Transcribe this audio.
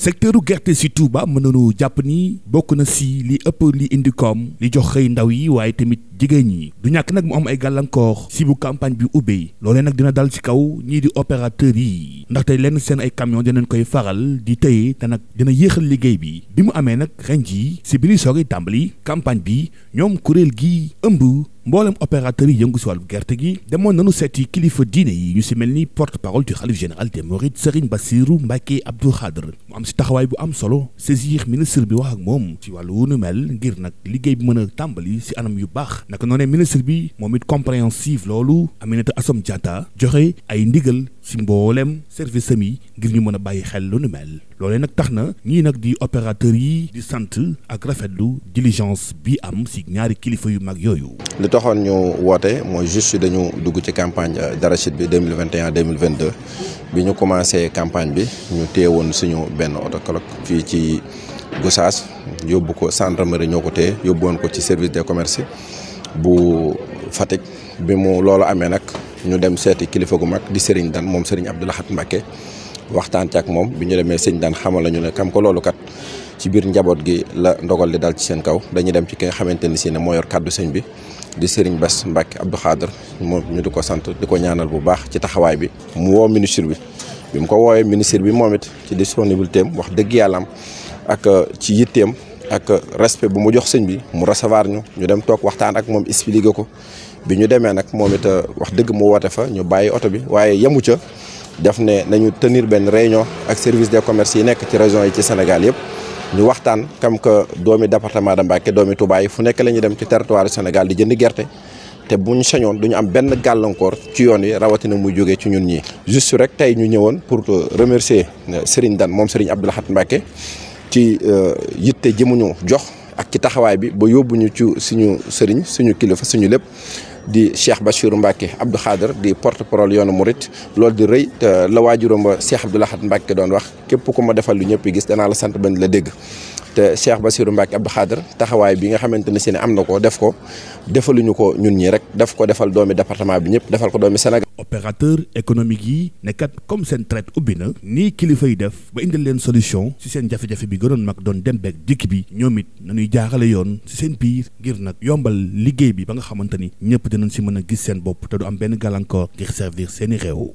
secteuru gerte si Touba mën nañu jàpp ni bokk na si li ëpp li indi koom li jox xëy ndaw yi waaye tamit jigéen ñi du ñàkk nag mu am ay gàllankoor si bu campagne bi ubbee loolee nag dina dal si kaw ñii di opérateur yi ndaxte lenn seen ay camion dinañ koy faral di téye te nag dina yéexal liggéey bi bi mu amee nag ren jii si biir soogay tàmbali campagne bi ñoom kuréel gi ëmb mboolem opérateur yi yëngu si wàllu gerte gi demoon nanu seeti kilifa diine yi ñu si mel ni porte parole du xalif général des mourides Serigne Bassirou Mbacké Abdou Khadr mu am si taxawaay bu am solo saisir ministre bi wax ak moom si wàllu wunu mel ngir nag liggéey bi mën a tàmbali si anam yu baax naka noonee ministre bi moom it compréhensive loolu am Aminata Assome Diatta joxe ay ndigal si mboolem service am yi ngir ñu mën a bàyyi xel lu nu mel loolee nag tax na ñii nag di opérateurs yi di sant ak rafet rafetlu diligence bi am si ñaari kilifa yu mag yooyu. li toxoon ñu woote mooy juste dañu dugg ci campagne d'arachide bi deux 2021 2022 bi ñu commencé campagne bi ñu téewoon suñu benn autocollant fii ci Gossas yóbbu ko gendarmerie ñoo ko téye yóbbu woon ko ci service des commerces bu Fatick bi mu loolu amee nag. ñu dem seeti kilifa gu mag di Serigne Dan moom Serigne Abdou Lahad Mbacké waxtaan ca ak moom bi ñu demee sëñ Dan xamal la ñu ne kam ko loolukat ci biir njaboot gi la ndogal li daal ci seen kaw dañuy dem ci ki nga xamante ni si ne moo yor kàddu sëñ bi di Serigne Bass Mbacké Abdou Khadr moom ñu di ko sant di ko ñaanal bu baax ci taxawaay bi mu woo ministre bi bi mu ko woowee ministre bi moom it ci disponibilité am wax dëgg yàlla ak ci yitteem ak respect bu mu jox sëñ bi mu recevoir ñu ñu dem toog waxtaan ak moom expliqué ko bi ñu demee nag moom it euh, wax dëgg mu woote fa ñu bàyyi oto bi waaye yamu ca def ne nañu tenir benn réunion ak service de commerces yi nekk ci régions yi ci senegal yëpp ñu waxtaan kam que doomi département de Mbacké doomi tu bàyyi fu nekk la ñuy dem ci territoire Sénégal di jënd gerte te bu ñu sañoon du ñu am benn gàllankoor ci yoon yi rawatina muy jógee ci ñun ñi juste rek tey ñu ñëwoon pour euh, remercier euh, Serigne Dan moom Serigne Abdou Lahad Mbacké ci euh, yitte jëmuñu jox ak ci taxawaay bi ba yóbbuñu ci suñu sëriñ suñu kilifa suñu lépp di Cheikh Bachir Mbacke Abdou Khader di porte parole yoonu Mouride loolu di rëy la waajuram ba Cheikh Abdou Lahad Mbacke doon wax képp ku ma defal lu ñëpp gis danaa la sant bañ la dégg. te Cheikh Bassirou Mbacke Abdou Khadr taxawaay bi nga xamante ne si ni am na ko def ko defaluñu ko ñun ñi rek def ko defal doomi département bi ñëpp defal ko doomi Sénégal. opérateur économique yi nekkat comme seen traite ubbi na nii kilifa yi def ba indi leen solution si seen jafe-jafe bi gënoon mag doon dem beeg dikk bi ñoom it nañuy jaaxale yoon si seen biir ngir nag yombal liggéey bi ba nga xamante ni ñëpp dinañ si mën a gis seen bopp te du am benn gàllankoor ngir servir seeni réew.